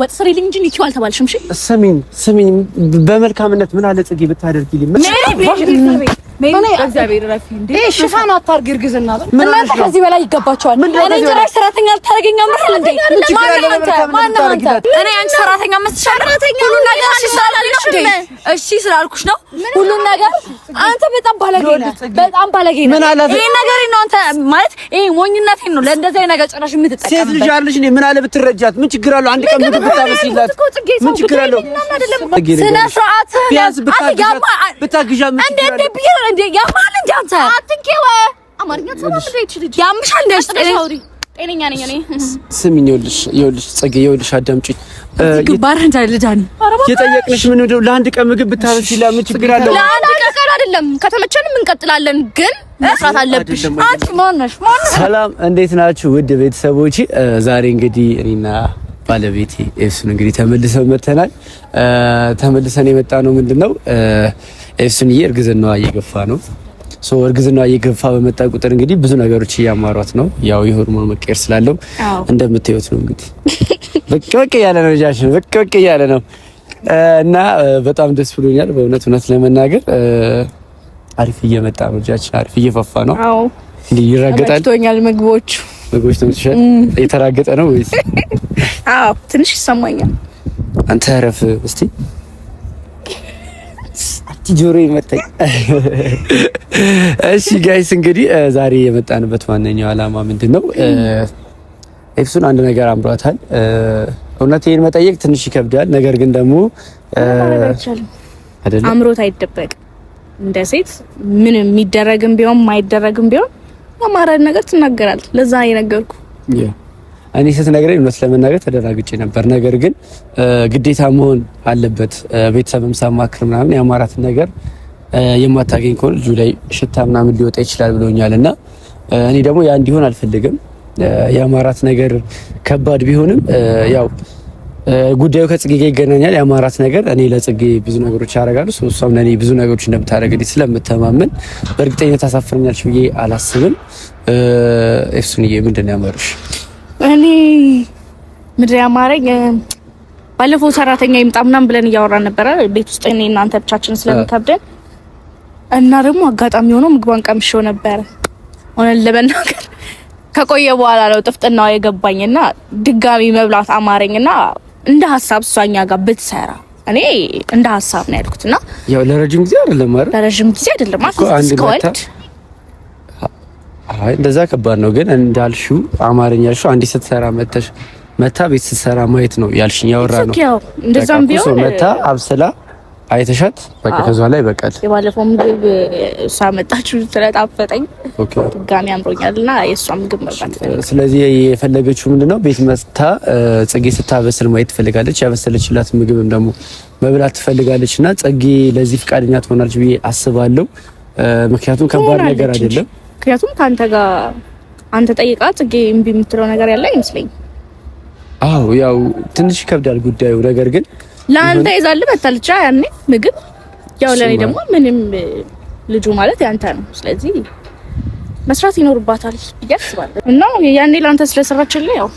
ወጥ ስሪልኝ እንጂ ልኪው አልተባልሽም። ስሚኝ ስሚኝ፣ በመልካምነት ምን አለ ጽጌ ብታደርጊልኝ ሽፋን አታርጊ። እርግዝና እናንተ ከዚህ በላይ ይገባቸዋል። እኔ ጭራሽ ሰራተኛ ልታደርገኝ ምርል እሺ ስላልኩሽ ነው። ሁሉን ነገር አንተ በጣም ባለጌ ነህ፣ በጣም ባለጌ ነህ። ይሄን ነገር ነው አንተ ማለት ይሄ ሞኝነቴን ነው ለእንደዚህ ነገር ጭራሽ የምትጠቀምበት። ሴት ልጅ አለሽ። እኔ ምን አለ ብትረጃት ምን ችግር አለው? አንድ ቀን ምግብ ብታበስይላት ምን ችግር አለው? ስነ ስርዓት ብታግዣ እንዴ? ያማል እንዴ? አንተ አትንኪው። አማርኛ ተባለ ልጅ ያምሻል እንዴ? አስተጋሪ ጤነኛ ነኝ እኔ። ስሚኝ፣ ይኸውልሽ፣ ይኸውልሽ ጽጌ፣ ይኸውልሽ አዳምጪኝ። ግባር እንደ ለዳኒ የጠየቅንሽ ምን ነው? ለአንድ ቀን ምግብ ብታረሽ ይላል። ምን ችግር አለው? ለአንድ ቀን አይደለም፣ ከተመቸንም እንቀጥላለን፣ ግን መስራት አለብሽ። አንቺ ማነሽ? ማነሽ? ሰላም፣ እንዴት ናችሁ ውድ ቤተሰቦቼ? ዛሬ እንግዲህ እኔና ባለቤቴ ኤፍሱን እንግዲህ ተመልሰን መተናል። ተመልሰን የመጣ ነው ምንድነው ኤፍስንዬ እርግዝናዋ እየገፋ ነው። ሶ እርግዝናዋ እየገፋ በመጣ ቁጥር እንግዲህ ብዙ ነገሮች እያማሯት ነው። ያው የሆርሞን መቀየር ስላለው እንደምታዩት ነው እንግዲህ ብቅ ብቅ እያለ ነው ልጃችን፣ ብቅ ብቅ እያለ ነው እና በጣም ደስ ብሎኛል በእውነት እውነት ለመናገር አሪፍ እየመጣ ነው ልጃችን፣ አሪፍ እየፋፋ ነው። አዎ እንዴ ይረገጣል ምግቦች ምግቦች ተመችሻል? እየተራገጠ ነው ወይስ? አዎ ትንሽ ይሰማኛል። አንተ ረፍ እስቲ ጆሮ ይመታኝ። እሺ ጋይስ እንግዲህ ዛሬ የመጣንበት ዋነኛው ዓላማ ምንድን ነው? ኤፍሱን አንድ ነገር አምሯታል። እውነት ይሄን መጠየቅ ትንሽ ይከብዳል፣ ነገር ግን ደግሞ አምሮት አይደበቅም። እንደ ሴት ምንም የሚደረግም ቢሆን ማይደረግም ቢሆን አማራጭ ነገር ትናገራል። ለዛ ነው የነገርኩ እኔ ስትነግረኝ እውነት ለመናገር ተደናግጬ ነበር። ነገር ግን ግዴታ መሆን አለበት። ቤተሰብም ሳማክር ምናምን የአማራትን ነገር የማታገኝ ከሆነ ልጁ ላይ ሽታ ምናምን ሊወጣ ይችላል ብሎኛል እና እኔ ደግሞ ያ እንዲሆን አልፈልግም። የአማራት ነገር ከባድ ቢሆንም ያው ጉዳዩ ከጽጌ ጋር ይገናኛል። የአማራት ነገር እኔ ለጽጌ ብዙ ነገሮች ያደርጋሉ፣ እሷም ለእኔ ብዙ ነገሮች እንደምታደርግ ስለምተማመን በእርግጠኝነት ታሳፍረኛለች ብዬ አላስብም። ኤፍሱንዬ ምንድን ነው ያመሩሽ? እኔ ምድር ያማረኝ ባለፈው ሰራተኛ ይምጣ ምናምን ብለን እያወራን ነበረ ቤት ውስጥ እኔ እናንተ ብቻችን ስለምከብደን እና ደግሞ አጋጣሚ ሆኖ ምግቧን ቀምሼው ነበረ። እውነት ለመናገር ከቆየ በኋላ ነው ጥፍጥናዋ እና ድጋሚ መብላት አማረኝና እንደ ሀሳብ እሷኛ ጋር ብትሰራ እኔ እንደ ሀሳብ ነው እና ያው ለረጅም ጊዜ አይደለም አይደል? ለረጅም ጊዜ አይደለም ማለት አይ እንደዛ ከባድ ነው። ግን እንዳልሹ አማርኛ ያልሽው አንዲት ስትሰራ መተሽ መታ ቤት ስትሰራ ማየት ነው ያልሽኝ ያወራ ነው። እንደዛም ቢሆን መታ አብስላ አይተሻት በቃ ከዛ ላይ በቃል የባለፈው ምግብ ሳመጣችሁ ስለጣፈጠኝ ድጋሚ አምሮኛልና የእሷ ምግብ መብላት። ስለዚህ የፈለገችው ምንድነው ቤት መታ ጽጌ ስታበስል ማየት ትፈልጋለች። ያበሰለችላት ምግብም ደግሞ መብላት ትፈልጋለች። እና ጽጌ ለዚህ ፍቃደኛ ትሆናለች ብዬ አስባለሁ። ምክንያቱም ከባድ ነገር አይደለም። ምክንያቱም ከአንተ ጋር አንተ ጠይቃ ጽጌ እምቢ የምትለው ነገር ያለ ይመስለኝ አዎ ያው ትንሽ ይከብዳል ጉዳዩ። ነገር ግን ለአንተ ይዛል መታልቻ ያኔ ምግብ ያው ለእኔ ደግሞ ምንም ልጁ ማለት ያንተ ነው። ስለዚህ መስራት ይኖርባታል ብዬ አስባለሁ። እና ያኔ ለአንተ ስለሰራችልህ ያው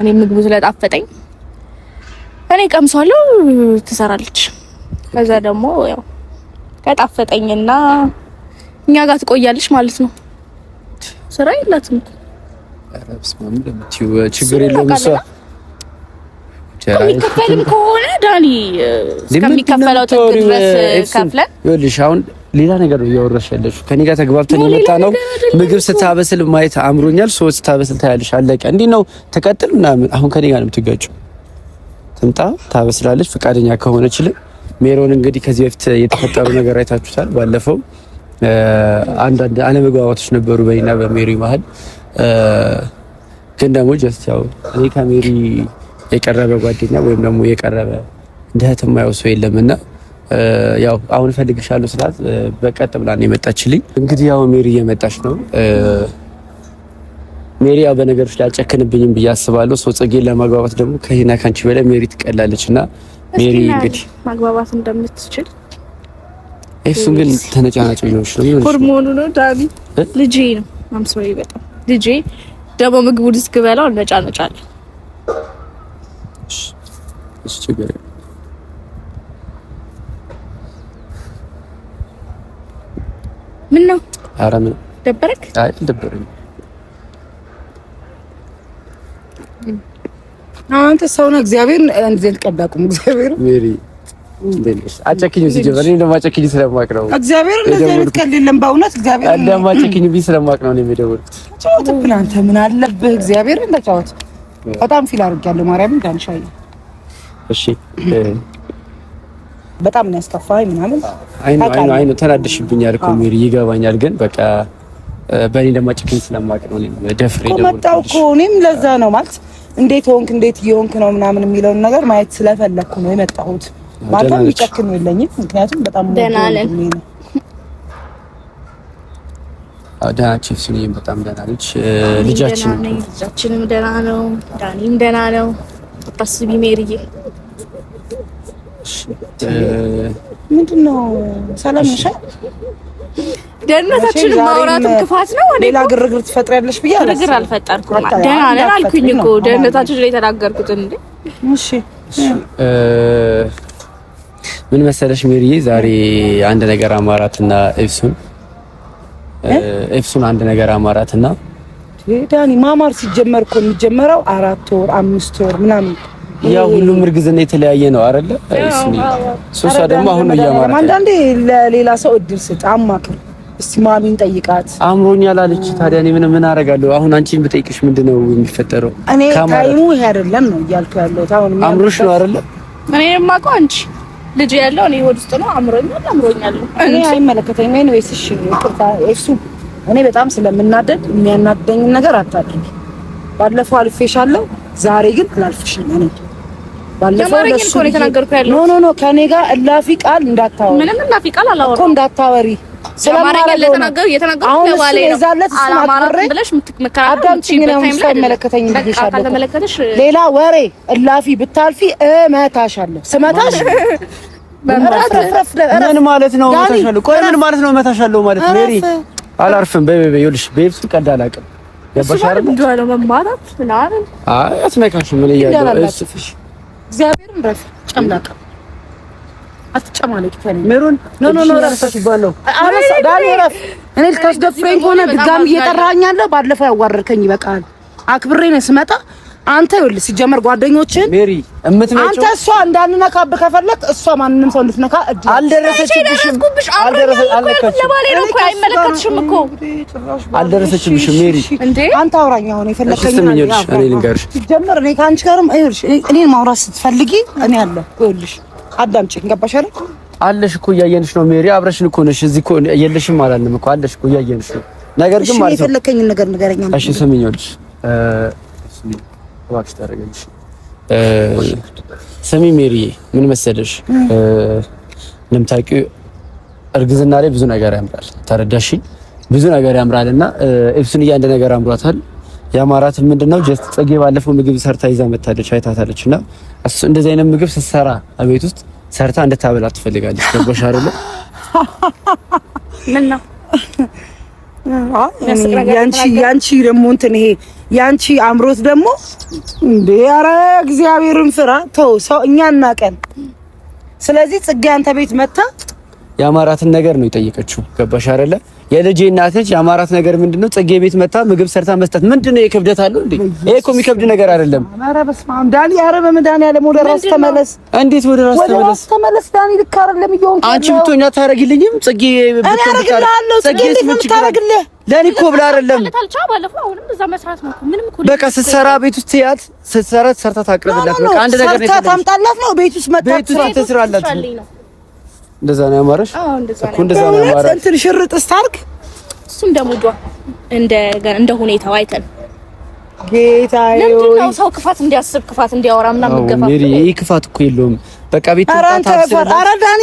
እኔ ምግቡ ስለጣፈጠኝ እኔ ቀምሷለሁ፣ ትሰራለች። ከዛ ደግሞ ያው ከጣፈጠኝና እኛ ጋር ትቆያለሽ ማለት ነው። ስራ የላትም እኮ ችግር የለም እሷ የሚከፈልም ከሆነ ዳኒ እስከሚከፈለው ድረስ ከፍለን ይኸውልሽ አሁን ሌላ ነገር ነው እያወራሽ ያለሽው። ከኔ ጋር ተግባብተን የመጣ ነው። ምግብ ስታበስል ማየት አምሮኛል። ሰዎች ስታበስል ታያለሽ። አለቀ። ነው ተቀጥል ምናምን። አሁን ከኔ ጋር ነው ትምጣ፣ ታበስላለች። ፈቃደኛ ከሆነችልን ሜሮን እንግዲህ ከዚህ በፊት የተፈጠሩ ነገር አይታችሁታል ባለፈው አንዳንድ አለመግባባቶች ነበሩ በእኔና በሜሪ መሀል። ግን ደግሞ ጀስት ያው እኔ ከሜሪ የቀረበ ጓደኛ ወይም ደግሞ የቀረበ እንደ የማየው ሰው የለም እና ያው አሁን እፈልግሻለሁ ስላት በቀጥ ብላ ነው የመጣችልኝ። እንግዲህ ያው ሜሪ እየመጣች ነው። ሜሪ ያው በነገሮች ላይ አጨክንብኝም ብዬ አስባለሁ። ሰው ጽጌን ለማግባባት ደግሞ ከኔና ከአንቺ በላይ ሜሪ ትቀላለች እና ሜሪ እንግዲህ ማግባባት እንደምትችል እሱን ግን ተነጫናጭ ነው ሆርሞኑ ነው ዳኒ ልጄ ነው አም ሶሪ በጣም ልጄ ደግሞ ምግቡ እስክበላው እነጫነጫለሁ እሺ ችግር ምን ነው ኧረ ምን ደበረክ አይ ደበረኝ አንተ ሰው ነህ እግዚአብሔር እንዴት አትቀዳቁም እግዚአብሔር ሜሪ አጨክኝ ሲጀመር እኔ እንደማጨክኝ ስለማቅ ነው። እግዚአብሔር እንደዚህ አይነት ቀልድ የለም በእውነት እግዚአብሔር እንደማጨክኝ ቢ ስለማቅ ነው ነው የደወልኩት። ተጫወትብን አንተ ምን አለብህ? እግዚአብሔር እንደ ተጫወት። በጣም ፊል አድርጌያለሁ። ማርያም ዳንሻዬ እሺ በጣም ነው ያስከፋኝ፣ ምናምን አይኑ አይኑ አይኑ ተናደሽብኛል እኮ ሜሪ ይገባኛል፣ ግን በቃ በእኔ እንደማጨክኝ ስለማቅ ነው። እኔም ደፍሬ ደግሞ መጣሁ እኮ እኔም ለዛ ነው ማለት እንዴት ሆንክ እንዴት እየሆንክ ነው ምናምን የሚለውን ነገር ማየት ስለፈለኩ ነው የመጣሁት። ማታ የሚጨክም የለኝም። ምክንያቱም በጣም ቺፍ ስንዬም በጣም ደህና ነች። ልጃችን ልጃችንም ደህና ነው። ዳኒም ደህና ነው። አታስቢ ሜሪዬ። ምንድን ነው ሰላም ነሽ? ደህንነታችንን ማውራትም ክፋት ነው። ሌላ ግርግር ትፈጥሪያለሽ ብዬ ግርግር አልፈጠርኩም። ደህና ነን አልኩኝ እኮ ደህንነታችን ላይ የተናገርኩትን እንዴ። እሺ እ ምን መሰለሽ ሜሪዬ፣ ዛሬ አንድ ነገር አማራትና ኤፍሱን ኤፍሱን አንድ ነገር አማራትና ዳኒ ማማር ሲጀመር እኮ የሚጀመረው አራት ወር አምስት ወር ምናምን ያ ሁሉም እርግዝና የተለያየ ነው አይደለ? ሶሳ ደግሞ አሁን ነው እያማረች። አንዳንዴ ለሌላ ሰው እድል ስጥ፣ አማክር፣ እስቲ ማሚን ጠይቃት። አምሮኝ አለች። ታዲያ እኔ ምን ምን አደርጋለሁ? አሁን አንቺን ብጠይቅሽ ምንድን ነው የሚፈጠረው? እኔ ታይሙ ይሄ አይደለም ነው እያልኩ ያለሁት። አሁን አምሮሽ ነው አይደለ? እኔ የማውቀው አንቺ ልጅ ያለው እኔ ወድ ውስጥ ነው። አምሮኛል አምሮኛል። እኔ አይመለከተኝም። ኤኒዌይስ እሺ፣ ይቅርታ እሱ እኔ በጣም ስለምናደድ የሚያናደኝ ነገር አታድርጊ። ባለፈው አልፌሻለሁ፣ ዛሬ ግን አላልፍሽም። እኔ ባለፈው ለሱ ነው የተናገርኩ ያለው። ኖ ኖ ኖ፣ ከኔ ጋር እላፊ ቃል እንዳታወሪ፣ ምንም እላፊ ቃል አላወራም እኮ እንዳታወሪ ሌላ ወሬ እላፊ ብታልፊ እመታሻለሁ። ስመታሽ ምን ማለት ነው? እመታሻለሁ። ቆይ ምን ማለት ነው? እመታሻለሁ ማለት ሜሪ አላርፍም። በይ በይ፣ ይኸውልሽ ቤት ስትቀዳ አላውቅም። ገባሽ አይደል? አይ አትመካሽም። ምን እያለሁ እግዚአብሔርን ረፍ ጨምላቀም አትጨማለቅ ሜሮን ድጋሚ እየጠራኸኝ አለ። ባለፈው ያዋረድከኝ ይበቃል። አክብሬ ነው ስመጣ አንተ ይኸውልህ፣ ሲጀመር ጓደኞችን ሜሪ እምትመጪው አንተ እሷ እንዳንነካብህ ከፈለክ እሷ ማንንም ሰው እንድትነካ እጅ አልደረሰችብሽም፣ ሜሪ አንተ አውራኝ አሁን የፈለከኝ ነገር ሲጀመር እኔ ከአንቺ ጋርም እኔን ማውራት ስትፈልጊ እኔ አለ ይኸውልሽ አዳምጪኝ። ገባሽ አይደል? አለሽ እኮ እያየንሽ ነው ሜሪ፣ አብረሽን እኮ ነሽ። እዚህ እኮ የለሽም አላልንም እኮ አለሽ እኮ እያየንሽ ነው። ነገር ግን ማለት ነው የፈለከኝን ነገር ንገረኛ። እሺ ስሚኝ፣ ይኸውልሽ እባክሽ ታደርገልሽ። ስሚ ሜሪ፣ ምን መሰለሽ እንደምታውቂው እርግዝና ላይ ብዙ ነገር ያምራል። ተረዳሽ? ብዙ ነገር ያምራልና እና ኤፍሱን እያንድ ነገር አምሯታል። ያማራትን ምንድነው ጀስት ጸጌ ባለፈው ምግብ ሰርታ ይዛ መታለች አይታታለች። እና እንደዚህ አይነት ምግብ ስትሰራ ቤት ውስጥ ሰርታ እንድታበላ ትፈልጋለች። ገባሽ አይደለ? ምን ነው ያንቺ ደግሞ እንትን ይሄ ያንቺ አምሮት ደግሞ እንዴ! ኧረ እግዚአብሔርን ፍራ። ተው ሰው እኛ እናቀን። ስለዚህ ጽጌ አንተ ቤት መታ ያማራትን ነገር ነው የጠየቀችው። ገባሽ አይደለ? የልጄ እናት ነች። የአማራት ነገር ምንድነው? ጽጌ ቤት መታ ምግብ ሰርታ መስጠት ምንድነው? የክብደት አለው እንዴ? ይሄ እኮ የሚከብድ ነገር አይደለም። ኧረ በስመ አብ ዳኒ፣ ኧረ በመድኃኒዓለም ወደ ራስ ተመለስ። እንዴት ወደ ራስ ተመለስ ተመለስ ዳኒ፣ ልክ አይደለም እየሆንክ አንቺ ብትሆኛ ታረግልኝም። ጽጌ ብትሆን ጽጌ ታረግልህ ለኔ እኮ ብላ አይደለም። በቃ ስትሰራ ቤት ውስጥ ያት ስትሰራ ሰርታ ታቅርብላት። በቃ አንድ ነገር ነው ታምጣላት ነው ቤት ውስጥ መጣ ቤት ውስጥ ትስራላት እንደዛ ነው ያማረሽ? አዎ እንደዛ ነው። እንደዛ ነው ያማረሽ። እንትን ሽርጥ ስታርክ እንደ ሙዷ እንደ እንደ ሁኔታው አይተን ጌታዬ ነው ሰው ክፋት እንዲያስብ ክፋት እንዲያወራ ምናምን ይሄ ክፋት እኮ የለውም። በቃ ቤት ተጣጣ ኧረ ዳኒ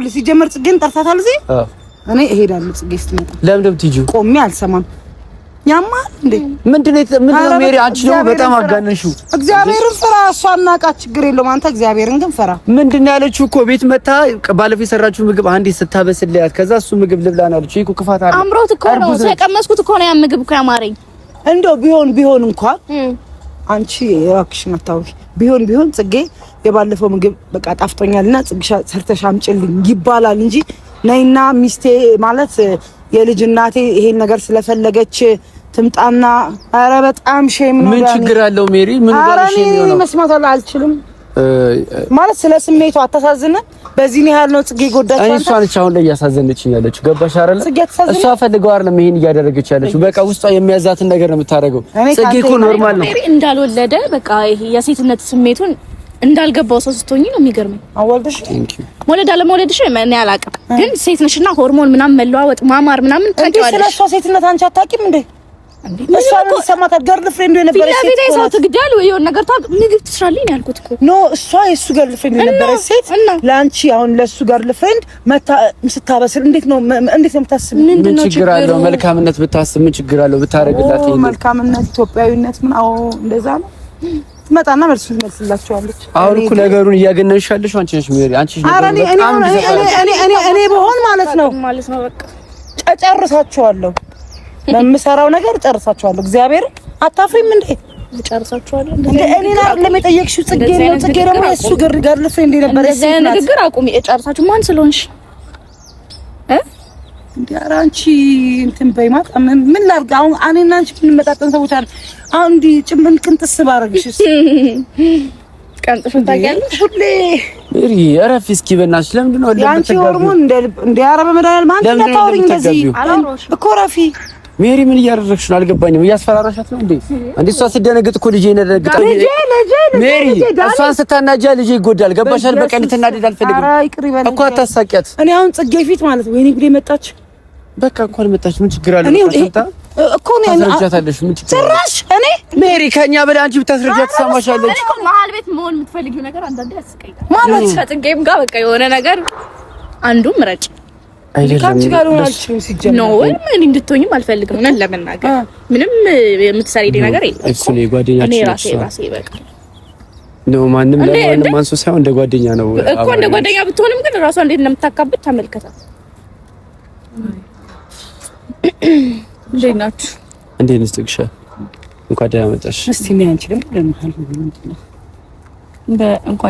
እኔ ሲጀመር ጠርታታል እዚህ እኔ እሄዳለሁ። ያማ እንዴ ምንድነው? ምንድነው? ሜሪ አንቺ ደግሞ በጣም አጋነሽው። እግዚአብሔርን ፍራ፣ እሷ እናቃት፣ ችግር የለውም። አንተ እግዚአብሔርን ግን ፍራ። ያለችው እኮ ቤት መታ ባለፈው የሰራችሁ ምግብ አንዴ ስታበስልያት፣ ከዛ እሱ ምግብ እኮ ክፋት አለ። አምሮት እኮ ነው እኮ ነው ያ ምግብ እኮ ያማረኝ። እንደው ቢሆን ቢሆን እንኳን አንቺ እባክሽን አታውቂ። ቢሆን ቢሆን ጽጌ የባለፈው ምግብ በቃ ጣፍጦኛልና ጽግሻ ሰርተሽ አምጪልኝ ይባላል እንጂ ነይና ሚስቴ ማለት የልጅ እናቴ ይሄን ነገር ስለፈለገች ትምጣና አረ በጣም ሼም ነው። ምን ችግር አለው ሜሪ? ምን ጋር ሼም ነው? መስማት አልችልም ማለት ስለ ስሜቱ አታሳዝነ። በዚህ ያህል ነው ጽጌ ጎዳች። እኔ እሷ ነች አሁን ላይ እያሳዘነችኝ ያለችው። ገባሽ አይደል? እሷ ፈልገው አይደለም ይሄን እያደረገች ያለችው። በቃ ውስጧ የሚያዛትን ነገር ነው የምታደርገው። ጽጌ እኮ ኖርማል ነው እንዳልወለደ በቃ ይሄ የሴትነት ስሜቱን እንዳልገባው ሰው ስትሆኚ ነው የሚገርመኝ። አወልደሽ መውለድ አለመውለድሽ እኔ አላውቅም፣ ግን ሴት ነሽና ሆርሞን ምናምን መለዋወጥ ማማር ምናምን ታውቂዋለሽ። ስለሷ ሴትነት አንቺ አታውቂም እንዴ? ይሰማታል። ገርል ፍሬንዱ የነበረች ሴት ኖ፣ እሷ የእሱ ገርል ፍሬንድ የነበረች ሴት ለአንቺ አሁን ለእሱ ገርል ፍሬንድ ስታበስል እንዴት ነው እንዴት መልካምነት ብታስብ ምን ችግር አለው? ብታረግላት መልካምነት፣ ኢትዮጵያዊነት ምን አዎ፣ እንደዛ ነው ትመጣና መልሱ ትመልስላቸዋለች። አሁን እኮ ነገሩን እያገነንሻለሽ አንቺ ነሽ ሜሪ፣ አንቺ ነሽ። ኧረ እኔ እኔ እኔ እኔ በሆን ማለት ነው ማለት ነው በቃ ጨርሳቸዋለሁ በምሰራው ነገር ጨርሳችኋለሁ። እግዚአብሔር አታፍሪም እንዴ? ጨርሳችኋለሁ። እኔን አይደለም የጠየቅሽው፣ ጽጌ ነው። ጽጌ ልፍ እንዴ ነበር። ንግግር አቁሚ። ጭምን ቅንጥስ ቀንጥሽ ሁሌ እሪ እስኪ በእናትሽ። ለምንድን ነው አንቺ ሆርሞን እንደ እንደ በመድኃኒዓለም አንቺ እንደዚህ እኮ እረፊ ሜሪ ምን እያደረግሽ ነው? አልገባኝም። እያስፈራራሻት ነው እንዴ? እንዴ እሷ ስትደነግጥ እኮ ልጄ ነደነግጣ ሜሪ፣ እሷን ስታናጃ ልጄ ይጎዳል። ገባሻል? በቃ ልትናደድ አልፈልግም እኮ አታሳቂያት። እኔ አሁን ጽጌ ፊት ማለት ወይኔ ጉዴ መጣች። በቃ እንኳን መጣች። ምን ችግር አለ እኮ ነው ታስረጃታለሽ። ምን ችግር ጭራሽ እኔ ሜሪ ከኛ በላይ አንቺ ብታስረጃት ትሰማሻለች። መሀል ቤት መሆን የምትፈልጊው ነገር አንዳንዴ ያስቀይጣል ማለት ከጽጌም ጋር በቃ የሆነ ነገር አንዱ ምረጭ ከአንቺ ጋር ሆን አልችልም። ሲጀምር ነው እኔ እንድትሆኝም አልፈልግም። እውነት ለመናገር ምንም የምትሰሪልኝ ነገር የለም። እሱ ነው ራሴ ራሴ በቃ ነው ማንም ለማንም አንሶ ሳይሆን እንደ ጓደኛ ነው እኮ እንደ ጓደኛ ብትሆንም ግን ራሷ እንዴት እንደምታካብድ ተመልከታት። እንዴት ናችሁ? እንዴት ነሽ ጥቅሻ? እንኳን ደህና መጣሽ። እስቲ ምን አንቺ ደግሞ እንኳን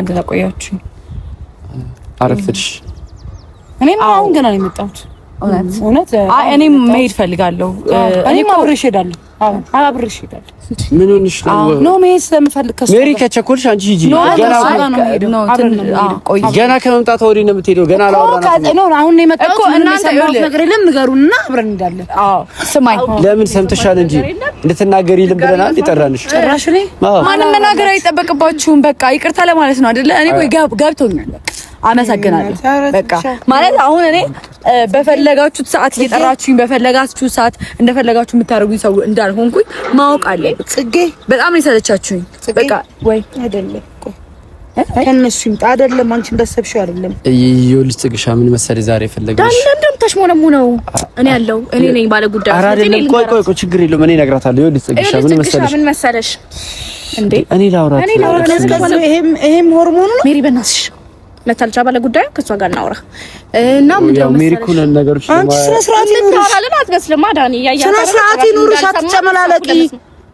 ደህና ቆያችሁ። አረፍድሽ እኔም አሁን ገና ነው የመጣሁት። እውነት እውነት እኔም መሄድ ፈልጋለሁ። እኔም አብሬሽ ሄዳለሁ። አሁን አብሬሽ ሄዳለሁ ምን ሆነሽ ነው? መሄድ ስለምፈልግ ሜሪ፣ ከቸኮልሽ አንቺ ሂጂ። ገና ወዲህ ነው የምትሄደው። ገና አሁን የመጣሁት አብረን ስማኝ፣ ለምን ሰምተሻል እንጂ እንድትናገሪ ብለናል። ይጠራንሽ ጭራሽ እኔ ማንም መናገር አይጠበቅባችሁም። በቃ ይቅርታ ለማለት ነው አይደለ? እኔ ቆይ ገብቶኛል። አመሰግናለሁ። በቃ ማለት አሁን እኔ በፈለጋችሁት ሰዓት እየጠራችሁኝ በፈለጋችሁት ሰዓት እንደፈለጋችሁ የምታደርጉኝ ሰው እንዳልሆንኩኝ ማወቅ አለኝ። ጽጌ በጣም ነው የሰለቻችሁኝ። በቃ ወይ አይደለም ከእነሱ ይምጣ አይደለም። አንቺ እንዳሰብሽው አይደለም። ይኸውልሽ ጽግሻ ምን መሰለ ዛሬ ፈለገሽ ዳን ለምደም ተሽሞነሙ ነው። እኔ ያለው እኔ ነኝ ባለ ጉዳይ አራ አይደለም። ቆይ ቆይ ቆይ፣ ችግር የለውም እኔ እነግራታለሁ። ይኸውልሽ ጽግሻ ምን መሰለሽ ምን መሰለሽ እንዴ እኔ ላውራ እኔ ላውራት ነው። ይሄም ይሄም ሆርሞኑ ነው። ሜሪ በእናትሽ ለታልቻ ባለ ጉዳይ ከሷ ጋር እናውራ እና ምን ምንድነው ሜሪ ኩል ነገሮች አንቺ ስነ ስርዓት ይኑርሽ። ታውራለን አትመስልም። ዳኒ ያያ ስነ ስርዓት ይኑርሽ። አትጨመላለቂ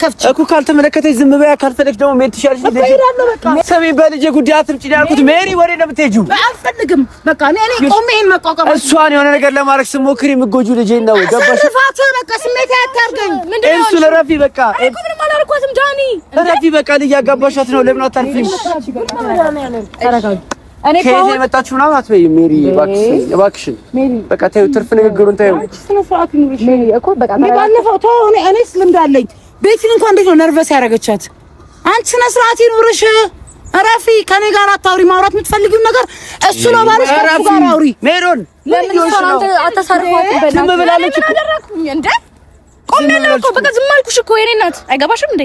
ካልተመለከተች ዝም በያ፣ ካልፈለግሽ ደግሞ መሄድ ትችያለሽ። በልጄ ጉዳይ አትምጪ ነው ያልኩት። ሜሪ ወሬ ነው የምትሄጂው። አልፈልግም። በቃ እሷን የሆነ ነገር ለማድረግ ስትሞክሪ የምትጎጂው ልጄ ነው። ገባሽ? እሱ ለረፊ በቃ በቃ ነው። ለምን አታርፊም? እኔ ከዚህ የመጣችሁ ምናምን አትበይም ሜሪ፣ እባክሽን በቃ ተይው፣ ትርፍ ንግግሩን ተይው ባለፈው ተው። እኔ እኔስ ልምድ እንኳን እንዴት ነው ነርቨስ ያደረገቻት? አንቺ ስነ ስርዓት ይኑርሽ፣ እረፊ። ከኔ ጋር አታውሪ። ማውራት የምትፈልጊው ነገር እሱ ነው ባለሽ ከሱ ጋር አውሪ። ሜሮን ለምን ብላለች እንዴ። ቆም ያለው እኮ በቃ ዝም አልኩሽ እኮ የኔ እናት አይገባሽም እንዴ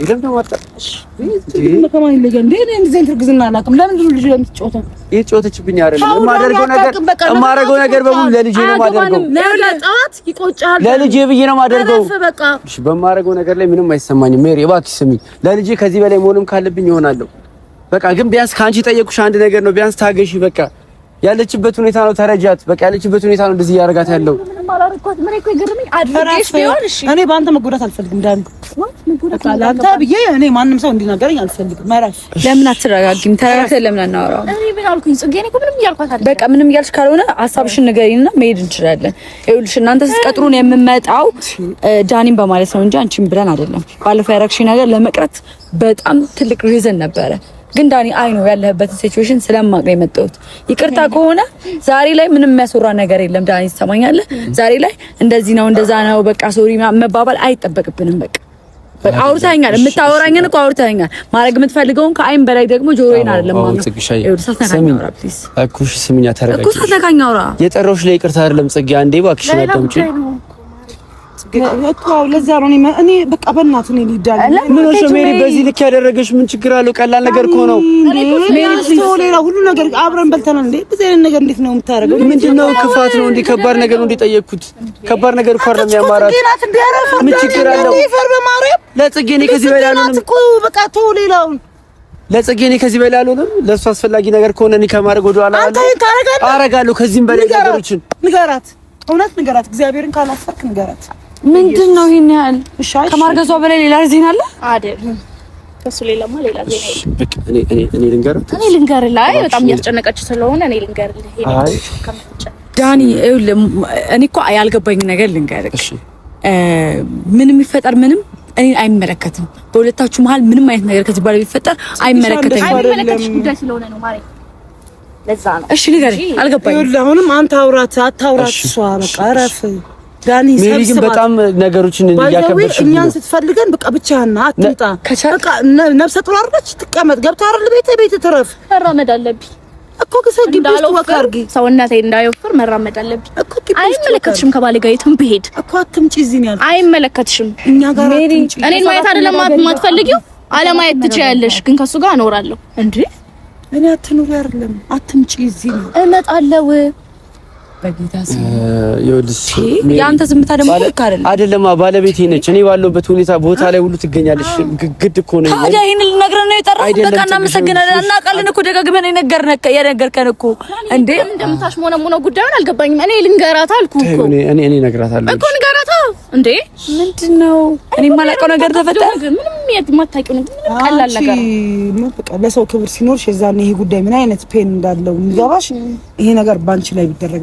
ለምን ተዋጣ? ከማን ይለያል ነው ልጅ የምትጫወተው? ነገር በሙሉ ለልጄ ነው የማደርገው። ለልጄ ብዬ ነው የማደርገው። እሺ፣ በማደርገው ነገር ላይ ምንም አይሰማኝም። ሜሪ እባክሽ ለልጄ ከዚህ በላይ መሆንም ካለብኝ ይሆናለሁ። በቃ ግን ቢያንስ ከአንቺ የጠየኩሽ አንድ ነገር ነው። ቢያንስ ታገሺ በቃ ያለችበት ሁኔታ ነው። ተረጃት በቃ ያለችበት ሁኔታ ነው እንደዚህ እያደረጋት ያለው። እኔ በአንተ መጎዳት አልፈልግም ዳን አንተ ብዬ እኔ ማንም ሰው እንዲናገረኝ አልፈልግም። ለምን አትረጋጊም? ተረጋግተን ለምን አናወራውም? በቃ ምንም እያልሽ ካልሆነ ሀሳብሽን ንገሪኝና መሄድ እንችላለን። ይኸውልሽ እናንተ ስትቀጥሩን የምመጣው ዳኒን በማለት ነው እንጂ አንቺን ብለን አይደለም። ባለፈው ያደረግሽኝ ነገር ለመቅረት በጣም ትልቅ ሪዝን ነበረ። ግን ዳኒ አይ ነው ያለህበትን ሲቹዌሽን ስለማቅ ነው የመጣሁት። ይቅርታ ከሆነ ዛሬ ላይ ምንም የሚያስወራ ነገር የለም ዳኒ ትሰማኛለህ። ዛሬ ላይ እንደዚህ ነው እንደዛ ነው በቃ ሶሪ መባባል አይጠበቅብንም። በቃ አውርታኛል። የምታወራኝን እኮ አውርታኛል። ማድረግ የምትፈልገውን ከአይን በላይ ደግሞ ጆሮዬን አይደለም ማለት ነው። ስሚኝ፣ ተረጋጊ። እኮ ሳትነካኝ አውራ የጠራሁሽ ለይቅርታ አይደለም ጽጌ፣ አንዴ እባክሽ ነው ለዛ ነው እኔ በቃ በእናትህ እኔ ሊዳል ምን ሆነሽ ሜሪ? በዚህ ልክ ያደረገሽ ምን ችግር አለው? ቀላል ነገር እኮ ነው። ሌላ ሁሉ ነገር አብረን በልተናል እንዴ። ብዙ አይነት ነገር እንዴት ነው የምታደርገው? ምንድነው ክፋት ነው እንዴ? ከባድ ነገር ነው እንዴ? ጠየቅኩት። ከባድ ነገር እኮ አይደለም ያማራት። ምን ችግር አለው? ለጽጌ እኔ ከዚህ በላይ አልሆንም። በቃ ተው ሌላውን ለጽጌ እኔ ከዚህ በላይ አልሆንም። ለእሱ አስፈላጊ ነገር ከሆነ እኔ ከማድረግ ወደ ኋላ አረጋለሁ። ከዚህም በላይ ነገሮችን ንገራት፣ እውነት ንገራት። እግዚአብሔርን ካላፈርክ ንገራት። ምንድን ነው ይሄን ያህል? ከማርገዟ በላይ ሌላ ዜና አለ አይደል? ከሱ ሌላማ ሌላ ዜና የለም። እኔ እኔ እኔ ልንገርህ እኔ ልንገርህ ላይ በጣም እያስጨነቀች ስለሆነ እኔ ልንገርህ። ዳኒ እኔ እኮ ያልገባኝ ነገር ልንገርህ። እሺ ምንም የሚፈጠር ምንም እኔ አይመለከትም። በሁለታችሁ መሀል ምንም አይነት ነገር ከዚህ በኋላ ቢፈጠር አይመለከተኝ። አይመለከትሽ ጉዳይ ስለሆነ ነው ማለት ለዛ ነው። እሺ ንገረኝ፣ አልገባኝም። አሁንም አንተ አውራት አታውራት፣ እሷ በቃ እረፍ ዳኒ ሜሪ ግን በጣም ነገሮችን እያከበድሽ ነው። እኛን ስትፈልገን በቃ ብቻህን አትምጣ። በቃ ነፍሰ ጡር አድርገሽ ትቀመጥ ገብታ አይደል? ቤት ቤት ትረፍ። መራመድ አለብኝ እኮ ከሰው ግቢ ውስጥ ወክ አድርጊ። ሰውነቴ እንዳይወፍር መራመድ አለብኝ እኮ። አይመለከትሽም። ከባሌ ጋር የትም ብሄድ እኮ አትምጪ። እዚህ ነው ያልኩት። አይመለከትሽም። እኛ ጋር አትምጪ። እኔን ማየት አይደለም የማትፈልጊው፣ አለማየት ትችያለሽ፣ ግን ከሱ ጋር እኖራለሁ። እንዴ እኔ አትኑሪ አይደለም አትምጪ። እዚህ ነው እመጣለሁ የአንተ ዝምታ ደግሞ ልክ አይደለም። አይደለማ ባለቤቴ ነች። እኔ ባለሁበት ሁኔታ ቦታ ላይ ሁሉ ትገኛለች። ግድ እኮ ነው። ታዲያ ይሄን ልነግረን ነው የጠራሁት። በቃ እናመሰግናለን። እናውቃለን እኮ ደጋግመን የነገርከን እኮ እንዴ። እንደምታሽሞነሙነ ጉዳዩን አልገባኝም። እኔ ልንገራት አልኩ እኮ እኔ እኔ እነግራታለሁ እኮ ንገራታ። እንዴ ምንድን ነው? እኔ የማላውቀው ነገር ተፈጠረ። ምንም የማታውቂው ነገር ቀላል ነገር ነው። በቃ ለሰው ክብር ሲኖርሽ የዛኔ ይሄ ጉዳይ ምን አይነት ፔን እንዳለው የሚገባሽ ይሄ ነገር ባንቺ ላይ ቢደረግ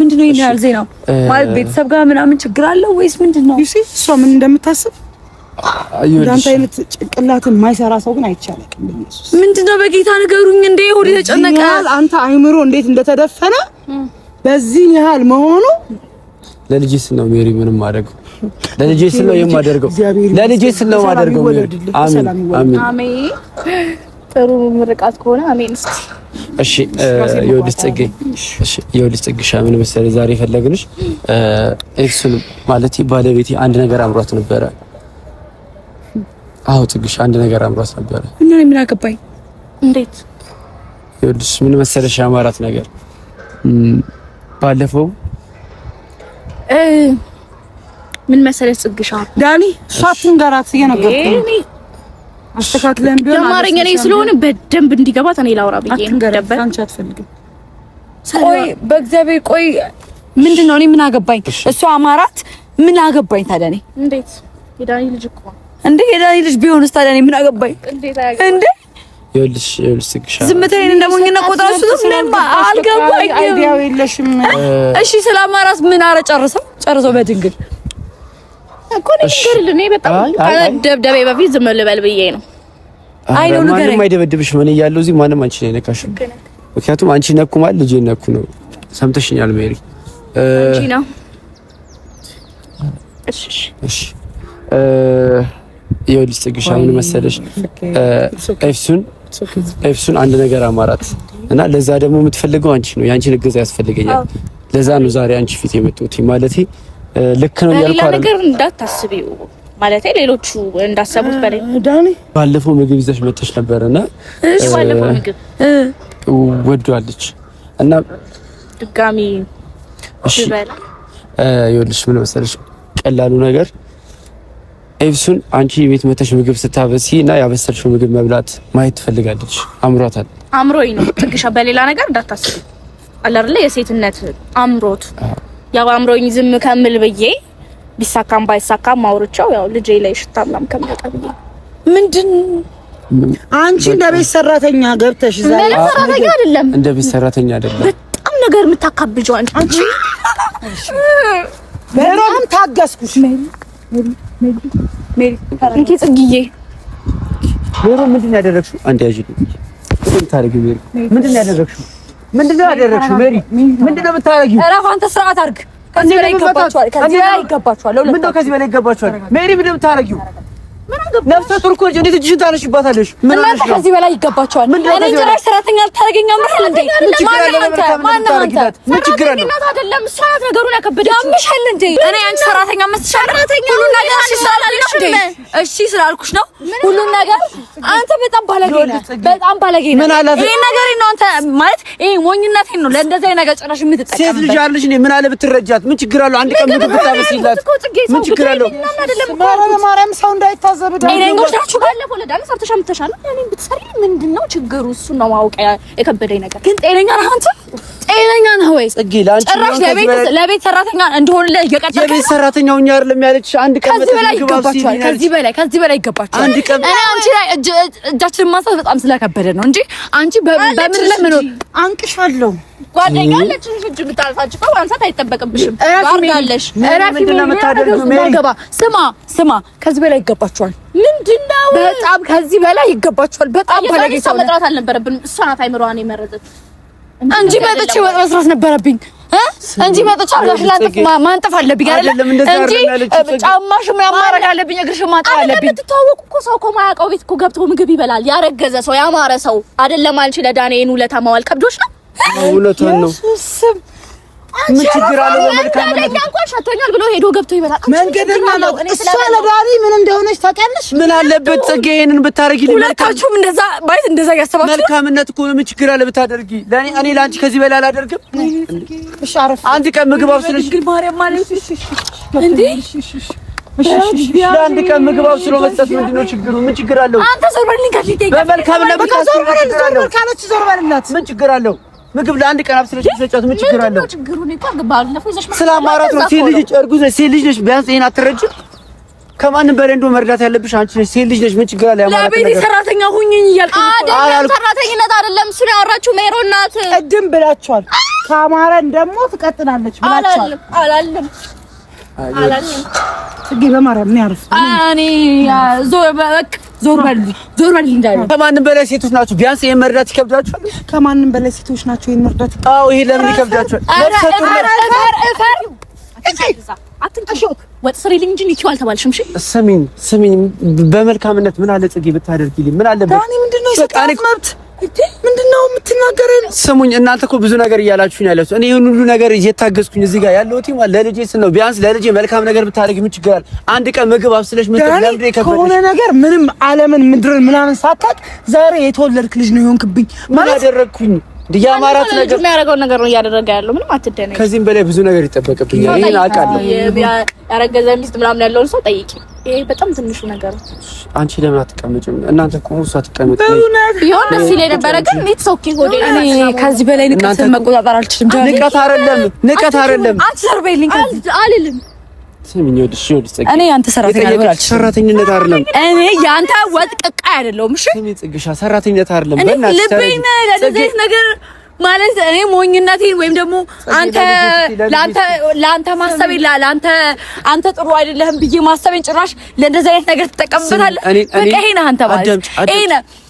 ምንድነው ይሄን ያህል ዜናው ማለት ቤተሰብ ጋር ምናምን ችግር አለው ወይስ ምንድነው? ዩሲ እሷ ምን እንደምታስብ እንዳንተ አይነት ጭንቅላትን ማይሰራ ሰው ግን አይቻልም። ምንድነው በጌታ ነገሩኝ። እንዴ! ሆዴ ተጨነቀ። አንተ አይምሮ እንዴት እንደተደፈነ በዚህ ያህል መሆኑ ለልጄ ስል ነው ሜሪ፣ ምንም ማድረግ ለልጄ ስል ነው የማደርገው፣ ለልጄ ስል ነው የማደርገው። አሜን አሜን። ጥሩ ምርቃት ከሆነ አሜን። እስኪ እሺ የወልስ ጽጌ እሺ የወልስ ጽጌሻ ሻምን መሰለህ ዛሬ የፈለግንሽ ኤክሱን ማለት ባለቤቴ አንድ ነገር አምሯት ነበረ። አዎ ጽግሽ አንድ ነገር አምሯት ነበረ እና ምን አገባኝ? እንዴት የወልስ ምን መሰለሽ ያማራት ነገር ባለፈው ምን መሰለሽ ጽግሻ ዳኒ ሻቱን ጋራት እየነገርኩኝ አስተካክለን ቢሆን የአማርኛ ላይ ስለሆነ በደንብ እንዲገባት እኔ ላውራ ብዬ ነበር። አንቺ አትፈልግም። ቆይ በእግዚአብሔር ቆይ፣ ምንድን ነው? እኔ ምን አገባኝ? እሷ አማራት ምን አገባኝ ታዲያ? እኔ እንዴት የዳኒ ልጅ እኮ እንዴ፣ የዳኒ ልጅ ቢሆንስ ታዲያ እኔ ምን አገባኝ እንዴ? ይኸውልሽ ይኸውልሽ፣ ትግሻ ዝምታዬን እንደሞኝና ቆጥራሽ ነው። ምንም አልገባኝም። እሺ፣ ስለ አማራት ምን አረ ጨርሰው ጨርሰው በድንግል እኮ በፊት ዝም ልበል ብዬ ነው። አይ ነው ንገረኝ። ማንም አይደበድብሽም። እኔ እያለሁ እዚህ ማንም አንቺን አይነካሽም። ምክንያቱም አንቺ ነኩማል ማለት ነኩ ነው። ሰምተሽኛል ሜሪ? አንቺ ነው። እሺ ይኸውልሽ ጽግሽ አሁን መሰለሽ ኤፍሱን ኤፍሱን አንድ ነገር አማራት እና ለዛ ደግሞ የምትፈልገው አንቺ ነው። የአንቺን እገዛ ያስፈልገኛል። ለዛ ነው ዛሬ አንቺ ፊት የመጡት ማለቴ ልክ ነው እያልኩ አይደለም። ነገር እንዳታስቢው ማለት ሌሎቹ እንዳሰቡት በላይ ዳኒ ባለፈው ምግብ ይዘሽ መጥተሽ ነበርና እሺ፣ ባለፈው ምግብ ወዷለች እና ድጋሚ እሺ፣ ይኸውልሽ ምን መሰለሽ ቀላሉ ነገር ኤፍሱን አንቺ ቤት መተሽ ምግብ ስታበሲ እና ያበሰልሽው ምግብ መብላት ማየት ትፈልጋለች። አምሯታል። አምሮኝ ነው ትግሻ። በሌላ ነገር እንዳታስቢ አላርለ የሴትነት አምሮት ያው አምሮኝ ዝም ከምል ብዬ ቢሳካም ባይሳካም አውርቼው ያው ልጄ ላይ ሽታ ምናምን ከሚወጣ ብዬ ምንድን አንቺ እንደ ቤት ሰራተኛ ገብተሽ ዛሬ እንደ ሰራተኛ አይደለም፣ እንደ ቤት ሰራተኛ አይደለም። በጣም ነገር የምታካብጂው አንቺ። አንቺ በጣም ታገስኩሽ ሜሪ። ሜሪ ሜሪ እንኪ ጽግዬ ሜሪ፣ ምንድን ያደረግሽው? አንድ ያጅ ምንድን ያደረግሽው? ምንድነው ያደረግሽው? ሜሪ ምንድነው የምታደርጊው? ኧረ አንተ ስርዓት አድርግ። ከዚህ በላይ ይገባችኋል። ከዚህ በላይ ይገባችኋል። ሜሪ ምንድነው የምታደርጊው? ነፍሰ ጡር እኮ እንዴት እጅሽን ታነሺባታለሽ? እናንተ ከዚህ በላይ ይገባቸዋል። እኔ ጭራሽ ሰራተኛ ልታደርገኝ አምርል እንዴ? ስላልኩሽ ነው ሁሉን ነገር። አንተ በጣም ባለጌ ነህ፣ በጣም ባለጌ ነህ። ይሄ ነገር ነው አንተ ማለት ይሄ ሞኝነት ነው። ለእንደዚህ ነገር ጭራሽ የምትጠቀምበት ሴት ልጅ አለሽ። እኔ ምን አለ ብትረጃት ምን ችግር አለው? አንድ ቀን ምን ችግር አለው? ማርያም ሰው እንዳይታዘ ጤነኞች ናችሁ። ባለፈው ለዳነ ሰርተሻ ምተሻል። እኔ ብትሰሪ ምንድን ነው ችግሩ? እሱን ነው ማወቅ የከበደኝ ነገር። ግን ጤነኛ ነህ አንተ? ጤነኛ ነህ ወይ? ጭራሽ ለቤት ሰራተኛ እንደሆንልህ እየቀጠርክ የቤት ሰራተኛ ሁኚ አይደለም ያለችሽ። አንድ ቀን ከዚህ በላይ ይገባችኋል። ከዚህ በላይ ከዚህ በላይ ይገባችኋል። እኔ አንቺ ላይ እጃችንን ማንሳት በጣም ስለከበደ ነው እንጂ አንቺ በምን ለምን አንቅሻለሁ ጓደኛ አለችን እጅ ስማ ስማ፣ ከዚህ በላይ ይገባችኋል። ምንድነው? በጣም ከዚህ በላይ ይገባችኋል። በጣም ባለጌ ሰው መጥራት አልነበረብንም። እሷ ናት አይምሮዋን የመረጠች እንጂ መጥቼ ወጥ መስራት ነበረብኝ እንጂ መጥቼ ማንጠፍ አለብኝ አይደለም እንጂ ጫማሽ ማማረግ አለብኝ፣ እግርሽ ማጠብ አለብኝ። እኮ ሰው እኮ ማያውቀው ቤት እኮ ገብቶ ምግብ ይበላል። ያረገዘ ሰው ያማረ ሰው አይደለም። አንቺ ለዳኔ ውለታ ማዋል ነው እውነቷን ነው። ምን ችግር አለው? በመልካምነት ሸቶኛል ብሎ ሄዶ ገብቶ ይበላል። መንገደኛ ነው። እሷ ለዳሪ ምን እንደሆነች ታውቂያለሽ? ምን አለበት ጽጌ፣ ይሄንን ብታደርጊ ሁለታችሁም እንደዛ ባይት እንደዛ ያሰባችሁ መልካምነት እኮ ነው። ምን ችግር አለ ብታደርጊ? ለኔ እኔ ለአንቺ ከዚህ በላይ አላደርግም። እሺ፣ አረፍ አንድ ቀን ምግብ አብስለሽ ግን ማርያም ማለት እንዴ ለአንድ ቀን ምግብ አብስሎ መስጠት ምንድን ነው ችግሩ? ምን ችግር አለው? አንተ ዞር በልልኝ። ከፊቴ በመልካምነት ምን ችግር አለው? ምግብ ለአንድ ቀን አብስለሽ ሰጫት፣ ምን ችግር አለው? ስለ አማራት ነው። ሴት ልጅ እርጉዝ ነሽ፣ ሴት ልጅ ነሽ። ቢያንስ ይሄን አትረጅም። ከማንም በላይ እንደው መርዳት ያለብሽ አንቺ ነሽ። ሴት ልጅ ነሽ። ምን ችግር አለ? ያማራት ለቤት ሰራተኛ ሁኚኝ እያልኩ አይደለም። ሰራተኝነት አይደለም እሱ ነው ያወራችሁ። ሜሮን ናት ቅድም ብላችኋል። ከአማረን ደግሞ ትቀጥላለች ብላችኋል። አላለም አላለም። ጽጌ በማርያም ነው ያረፍ እኔ ዞ በቃ ዞር በል ዞር በል እንዳለ ከማንም በላይ ሴቶች ናቸው። ቢያንስ ይሄን መርዳት ይከብዳችኋል። ከማንም በላይ ሴቶች ናቸው። ይሄን መርዳት አዎ፣ ይሄ ለምን ይከብዳችኋል? ወጥ አልተባልሽም። እሺ ስሚኝ፣ ስሚኝ፣ በመልካምነት ምን አለ ጽጌ ብታደርጊልኝ ምን አለበት? ምንድነው የምትናገረን? ስሙኝ እናንተ እኮ ብዙ ነገር እያላችሁ ነው ያላችሁ። እኔ ይሄን ሁሉ ነገር እየታገስኩኝ እዚህ ጋር ያለሁት ማለት ለልጄ ስል ነው። ቢያንስ ለልጄ መልካም ነገር ብታደርግ ምን ችግር አለ? አንድ ቀን ምግብ አብስለሽ ከሆነ ነገር ምንም ዓለምን ምድርን ምናምን ሳታውቅ ዛሬ የተወለድክ ልጅ ነው የሆንክብኝ። ምን አደረግኩኝ? የአማራት ነገር የሚያደርገውን ነገር ነው እያደረገ ያለው። ምንም አትደነኝ። ከዚህም በላይ ብዙ ነገር ይጠበቅብኛል። ይሄን አውቃለሁ። ያረገዘ ሚስት ምናምን ያለውን ሰው ጠይቂ። ይሄ በጣም ትንሹ ነገር። አንቺ ለምን አትቀመጭም? እናንተ እኮ እሷ ትቀመጥ ቢሆን ደስ ይለኝ ነበረ፣ ግን ኢትስ ኦኬ። ጎዴ እኔ ከዚህ በላይ ንቀት መቆጣጠር አልችልም። ንቀት አይደለም፣ ንቀት አይደለም። አትሰርበይልኝ አልልም እኔ ያንተ ሰራተኝነት አይደለም። እኔ ያንተ ወጥ ቀቃ እሺ ጽግሻ፣ አይደለም። ለዚህ ነገር ማለት እኔ ሞኝነቴን ወይም ደግሞ አንተ ላንተ ላንተ ማሰብ ላንተ አንተ ጥሩ አይደለህም ብዬ ማሰብን ጭራሽ ለእንደዚህ አይነት ነገር ትጠቀምበታለህ። በቃ ይሄ ነህ አንተ ማለት ይሄ ነህ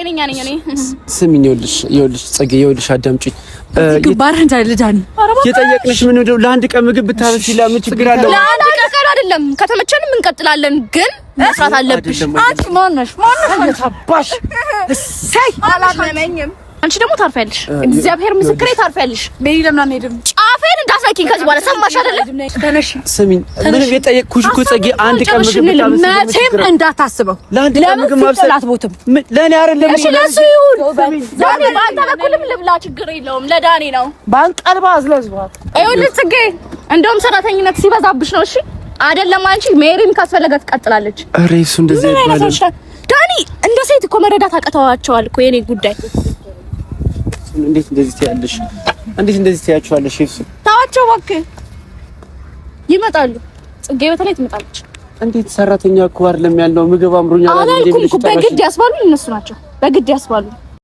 ጤነኛ ነኝ እኔ። ስሚኝ፣ ይኸውልሽ ይኸውልሽ ጽጌ ይኸውልሽ፣ አዳምጪኝ። ግባር የጠየቅንሽ ምን ነው ለአንድ ቀን ምግብ ብታበስ ይላ ምን ችግር አለው? ለአንድ ቀን አይደለም፣ ከተመቸንም እንቀጥላለን፣ ግን መስራት አለብሽ። አንቺ ማነሽ? ማነሽ? ማን ሰይ አባሽ አላመመኝም። አንቺ ደግሞ ታርፊያለሽ። እግዚአብሔር ምስክሬ ታርፊያለሽ። ለምን አንሄድም? አትመኪኝ ከዚህ በኋላ ሰማሽ አይደለ? ስሚኝ፣ ምንም የጠየቅኩሽ እኮ ፅጌ፣ አንድ ቀን ምግብ መቼም እንዳታስበው። ለአንድ ቀን ምግብ ማብሰል አትቦትም። ለእኔ አይደለም። እሺ ለእሱ ይሁን። ዳኒ በአንተ በኩልም ልብላ፣ ችግር የለውም። ለዳኒ ነው ባንቀልባ አዝለዝባት። ይኸውልሽ ፅጌ፣ እንደውም ሰራተኝነት ሲበዛብሽ ነው። እሺ አይደለም አንቺ ሜሪም ካስፈለገ ትቀጥላለች። ኧረ እሱ እንደዚህ አይባልም ዳኒ። እንደ ሴት እኮ መረዳት አቅተዋቸዋል እኮ የኔ ጉዳይ። እንዴት እንደዚህ ትያለሽ? እንዴት እንደዚህ ትያቸዋለሽ? እሱ ታዋቸው እባክህ። ይመጣሉ። ጽጌ በተለይ ትመጣለች። እንዴት ሰራተኛ እኮ አይደለም ያለው ምግብ አምሮኛል አላልኩም። በግድ ያስባሉ እነሱ ናቸው በግድ ያስባሉ።